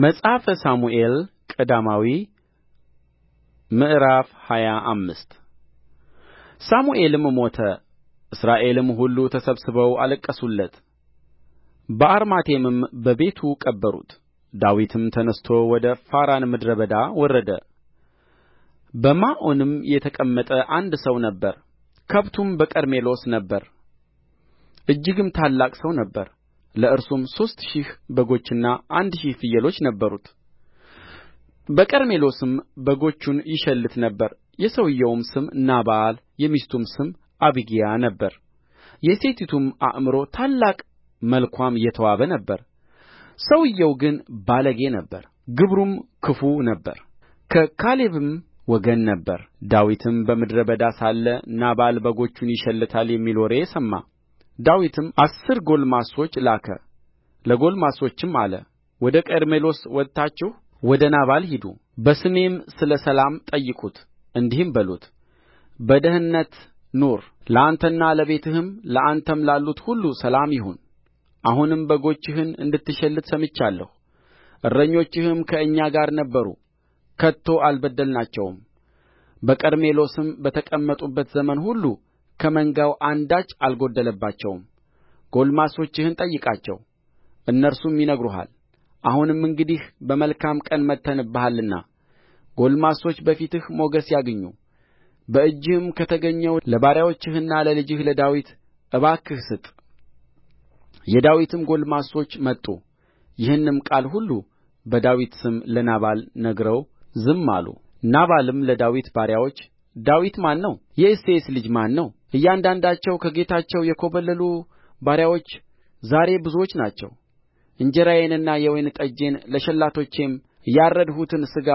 መጽሐፈ ሳሙኤል ቀዳማዊ ምዕራፍ ሃያ አምስት ሳሙኤልም ሞተ፣ እስራኤልም ሁሉ ተሰብስበው አለቀሱለት፣ በአርማቴምም በቤቱ ቀበሩት። ዳዊትም ተነሥቶ ወደ ፋራን ምድረ በዳ ወረደ። በማዖንም የተቀመጠ አንድ ሰው ነበር፣ ከብቱም በቀርሜሎስ ነበር፣ እጅግም ታላቅ ሰው ነበር። ለእርሱም ሦስት ሺህ በጎችና አንድ ሺህ ፍየሎች ነበሩት በቀርሜሎስም በጎቹን ይሸልት ነበር የሰውዮውም ስም ናባል የሚስቱም ስም አቢግያ ነበረ የሴቲቱም አእምሮ ታላቅ መልክዋም የተዋበ ነበረ ሰውዮው ግን ባለጌ ነበረ ግብሩም ክፉ ነበረ ከካሌብም ወገን ነበረ ዳዊትም በምድረ በዳ ሳለ ናባል በጎቹን ይሸልታል የሚል ወሬ ሰማ ዳዊትም አሥር ጕልማሶች ላከ ለጕልማሶችም አለ ወደ ቀርሜሎስ ወጥታችሁ ወደ ናባል ሂዱ በስሜም ስለ ሰላም ጠይቁት እንዲህም በሉት በደኅንነት ኑር ለአንተና ለቤትህም ለአንተም ላሉት ሁሉ ሰላም ይሁን አሁንም በጎችህን እንድትሸልት ሰምቻለሁ እረኞችህም ከእኛ ጋር ነበሩ ከቶ አልበደልናቸውም በቀርሜሎስም በተቀመጡበት ዘመን ሁሉ ከመንጋው አንዳች አልጐደለባቸውም ጕልማሶችህን ጠይቃቸው እነርሱም ይነግሩሃል አሁንም እንግዲህ በመልካም ቀን መጥተንብሃልና ጕልማሶች በፊትህ ሞገስ ያግኙ በእጅህም ከተገኘው ለባሪያዎችህና ለልጅህ ለዳዊት እባክህ ስጥ የዳዊትም ጕልማሶች መጡ ይህንም ቃል ሁሉ በዳዊት ስም ለናባል ነግረው ዝም አሉ ናባልም ለዳዊት ባሪያዎች ዳዊት ማን ነው የእሴይስ ልጅ ማን ነው እያንዳንዳቸው ከጌታቸው የኰበለሉ ባሪያዎች ዛሬ ብዙዎች ናቸው እንጀራዬንና የወይን ጠጄን ለሸላቶቼም ያረድሁትን ሥጋ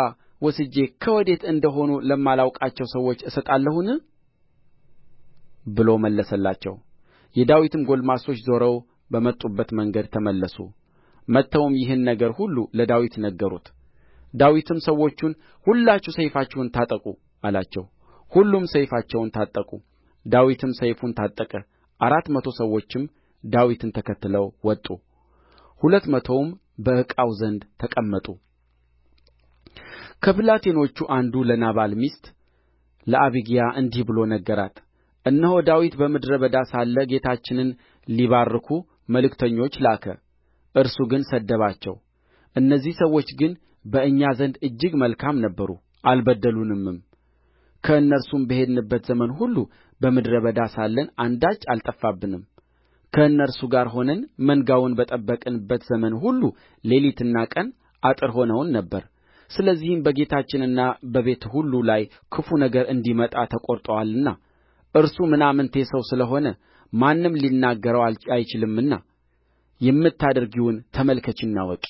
ወስጄ ከወዴት እንደ ሆኑ ለማላውቃቸው ሰዎች እሰጣለሁን ብሎ መለሰላቸው የዳዊትም ጕልማሶች ዞረው በመጡበት መንገድ ተመለሱ መጥተውም ይህን ነገር ሁሉ ለዳዊት ነገሩት ዳዊትም ሰዎቹን ሁላችሁ ሰይፋችሁን ታጠቁ አላቸው ሁሉም ሰይፋቸውን ታጠቁ ዳዊትም ሰይፉን ታጠቀ አራት መቶ ሰዎችም ዳዊትን ተከትለው ወጡ ሁለት መቶውም በዕቃው ዘንድ ተቀመጡ ከብላቴኖቹ አንዱ ለናባል ሚስት ለአቢግያ እንዲህ ብሎ ነገራት እነሆ ዳዊት በምድረ በዳ ሳለ ጌታችንን ሊባርኩ መልእክተኞች ላከ እርሱ ግን ሰደባቸው እነዚህ ሰዎች ግን በእኛ ዘንድ እጅግ መልካም ነበሩ አልበደሉንምም ከእነርሱም በሄድንበት ዘመን ሁሉ በምድረ በዳ ሳለን አንዳች አልጠፋብንም ከእነርሱ ጋር ሆነን መንጋውን በጠበቅንበት ዘመን ሁሉ ሌሊትና ቀን አጥር ሆነውን ነበር ስለዚህም በጌታችንና በቤት ሁሉ ላይ ክፉ ነገር እንዲመጣ ተቈርጦአልና እርሱ ምናምንቴ ሰው ስለ ሆነ ማንም ሊናገረው አይችልምና የምታደርጊውን ተመልከቺና እወቂ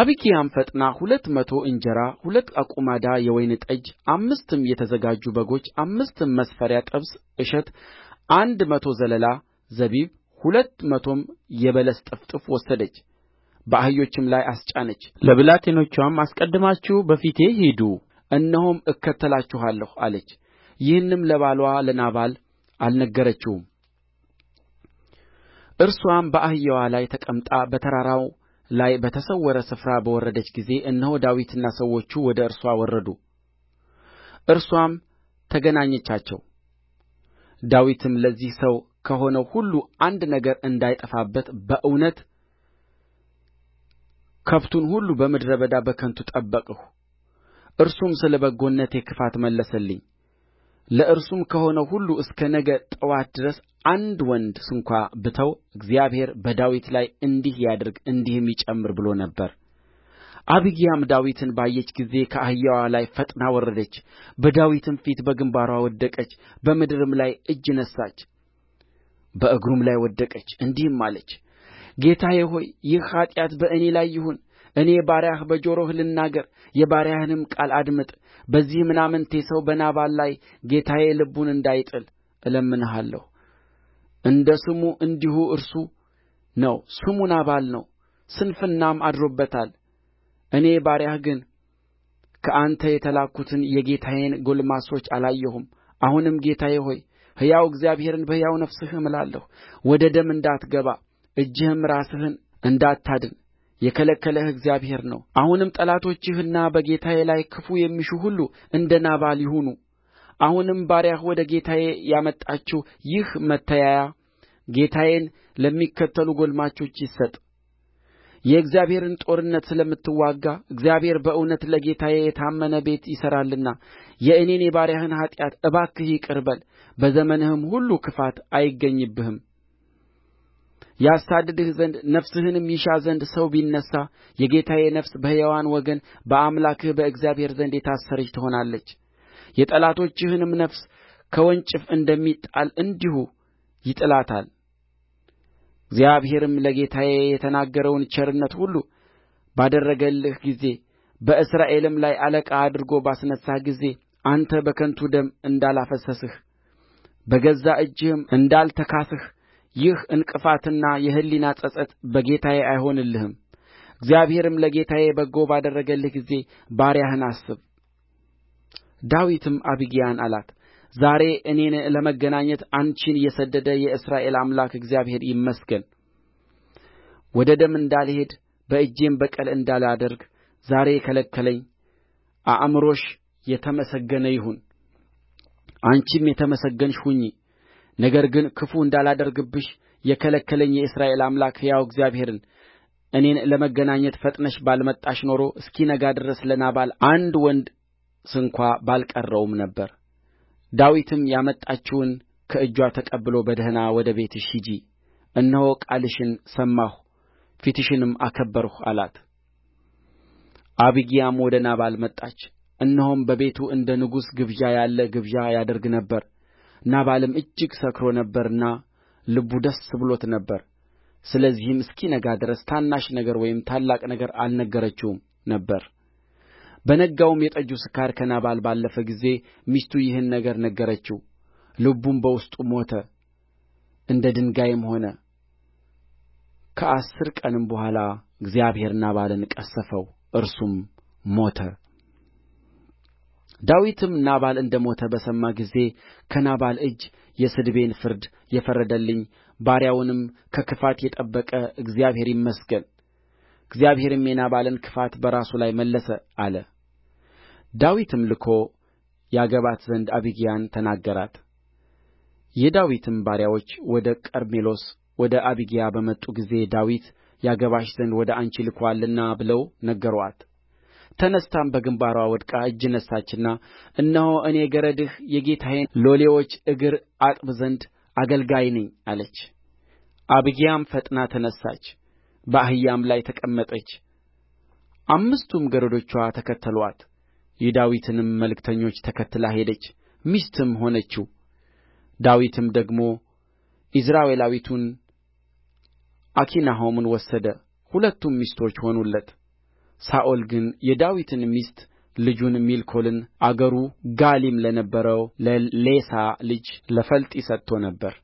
አቢግያም ፈጥና ሁለት መቶ እንጀራ ሁለት አቁማዳ የወይን ጠጅ አምስትም የተዘጋጁ በጎች አምስትም መስፈሪያ ጥብስ እሸት አንድ መቶ ዘለላ ዘቢብ ሁለት መቶም የበለስ ጥፍጥፍ ወሰደች በአህዮችም ላይ አስጫነች ለብላቴኖችዋም አስቀድማችሁ በፊቴ ሂዱ እነሆም እከተላችኋለሁ አለች ይህንም ለባልዋ ለናባል አልነገረችውም እርስዋም በአህያዋ ላይ ተቀምጣ በተራራው ላይ በተሰወረ ስፍራ በወረደች ጊዜ እነሆ ዳዊትና ሰዎቹ ወደ እርስዋ ወረዱ። እርስዋም ተገናኘቻቸው። ዳዊትም ለዚህ ሰው ከሆነው ሁሉ አንድ ነገር እንዳይጠፋበት በእውነት ከብቱን ሁሉ በምድረ በዳ በከንቱ ጠበቅሁ፣ እርሱም ስለ በጎነቴ ክፋት መለሰልኝ። ለእርሱም ከሆነው ሁሉ እስከ ነገ ጥዋት ድረስ አንድ ወንድ ስንኳ ብተው እግዚአብሔር በዳዊት ላይ እንዲህ ያድርግ እንዲህም ይጨምር ብሎ ነበር አቢግያም ዳዊትን ባየች ጊዜ ከአህያዋ ላይ ፈጥና ወረደች በዳዊትም ፊት በግምባርዋ ወደቀች በምድርም ላይ እጅ ነሣች በእግሩም ላይ ወደቀች እንዲህም አለች ጌታዬ ሆይ ይህ ኃጢአት በእኔ ላይ ይሁን እኔ ባሪያህ በጆሮህ ልናገር የባሪያህንም ቃል አድምጥ በዚህ ምናምንቴ ሰው በናባል ላይ ጌታዬ ልቡን እንዳይጥል እለምንሃለሁ እንደ ስሙ እንዲሁ እርሱ ነው ስሙ ናባል ነው ስንፍናም አድሮበታል እኔ ባሪያህ ግን ከአንተ የተላኩትን የጌታዬን ጕልማሶች አላየሁም አሁንም ጌታዬ ሆይ ሕያው እግዚአብሔርን በሕያው ነፍስህ እምላለሁ ወደ ደም እንዳትገባ እጅህም ራስህን እንዳታድን የከለከለህ እግዚአብሔር ነው አሁንም ጠላቶችህና በጌታዬ ላይ ክፉ የሚሹ ሁሉ እንደ ናባል ይሁኑ አሁንም ባሪያህ ወደ ጌታዬ ያመጣችው ይህ መተያያ ጌታዬን ለሚከተሉ ጕልማሶች ይሰጥ የእግዚአብሔርን ጦርነት ስለምትዋጋ እግዚአብሔር በእውነት ለጌታዬ የታመነ ቤት ይሠራልና የእኔን የባሪያህን ኃጢአት እባክህ ይቅር በል በዘመንህም ሁሉ ክፋት አይገኝብህም ያሳድድህ ዘንድ ነፍስህንም ይሻ ዘንድ ሰው ቢነሣ የጌታዬ ነፍስ በሕያዋን ወገን በአምላክህ በእግዚአብሔር ዘንድ የታሰረች ትሆናለች የጠላቶችህንም ነፍስ ከወንጭፍ እንደሚጣል እንዲሁ ይጥላታል እግዚአብሔርም ለጌታዬ የተናገረውን ቸርነት ሁሉ ባደረገልህ ጊዜ በእስራኤልም ላይ አለቃ አድርጎ ባስነሣህ ጊዜ አንተ በከንቱ ደም እንዳላፈሰስህ በገዛ እጅህም እንዳልተካስህ ይህ ዕንቅፋትና የሕሊና ጸጸት በጌታዬ አይሆንልህም። እግዚአብሔርም ለጌታዬ በጎ ባደረገልህ ጊዜ ባሪያህን አስብ ዳዊትም አቢግያን አላት ዛሬ እኔን ለመገናኘት አንቺን የሰደደ የእስራኤል አምላክ እግዚአብሔር ይመስገን ወደ ደም እንዳልሄድ በእጄም በቀል እንዳላደርግ ዛሬ የከለከለኝ አእምሮሽ የተመሰገነ ይሁን አንቺም የተመሰገንሽ ሁኚ ነገር ግን ክፉ እንዳላደርግብሽ የከለከለኝ የእስራኤል አምላክ ሕያው እግዚአብሔርን እኔን ለመገናኘት ፈጥነሽ ባልመጣሽ ኖሮ እስኪነጋ ድረስ ለናባል አንድ ወንድ ስንኳ ባልቀረውም ነበር ዳዊትም ያመጣችውን ከእጅዋ ተቀብሎ በደኅና ወደ ቤትሽ ሂጂ እነሆ ቃልሽን ሰማሁ ፊትሽንም አከበርሁ አላት አቢግያም ወደ ናባል መጣች እነሆም በቤቱ እንደ ንጉሥ ግብዣ ያለ ግብዣ ያደርግ ነበር ናባልም እጅግ ሰክሮ ነበርና ልቡ ደስ ብሎት ነበር ስለዚህም እስኪነጋ ድረስ ታናሽ ነገር ወይም ታላቅ ነገር አልነገረችውም ነበር በነጋውም የጠጁ ስካር ከናባል ባለፈ ጊዜ ሚስቱ ይህን ነገር ነገረችው ልቡም በውስጡ ሞተ እንደ ድንጋይም ሆነ ከአሥር ቀንም በኋላ እግዚአብሔር ናባልን ቀሠፈው እርሱም ሞተ ዳዊትም ናባል እንደ ሞተ በሰማ ጊዜ ከናባል እጅ የስድቤን ፍርድ የፈረደልኝ ባሪያውንም ከክፋት የጠበቀ እግዚአብሔር ይመስገን እግዚአብሔርም የናባልን ክፋት በራሱ ላይ መለሰ አለ ዳዊትም ልኮ ያገባት ዘንድ አቢግያን ተናገራት የዳዊትም ባሪያዎች ወደ ቀርሜሎስ ወደ አቢግያ በመጡ ጊዜ ዳዊት ያገባሽ ዘንድ ወደ አንቺ ልኮአልና ብለው ነገሩአት ተነሥታም በግንባሯ ወድቃ እጅ ነሣችና እነሆ እኔ ገረድህ የጌታዬን ሎሌዎች እግር አጥብ ዘንድ አገልጋይ ነኝ አለች አቢግያም ፈጥና ተነሣች በአህያም ላይ ተቀመጠች አምስቱም ገረዶችዋ ተከተሉአት የዳዊትንም መልእክተኞች ተከትላ ሄደች ሚስትም ሆነችው ዳዊትም ደግሞ ኢይዝራኤላዊቱን አኪናሆምን ወሰደ ሁለቱም ሚስቶች ሆኑለት ሳኦል ግን የዳዊትን ሚስት ልጁን ሜልኮልን አገሩ ጋሊም ለነበረው ለሌሳ ልጅ ለፈልጢ ሰጥቶ ነበር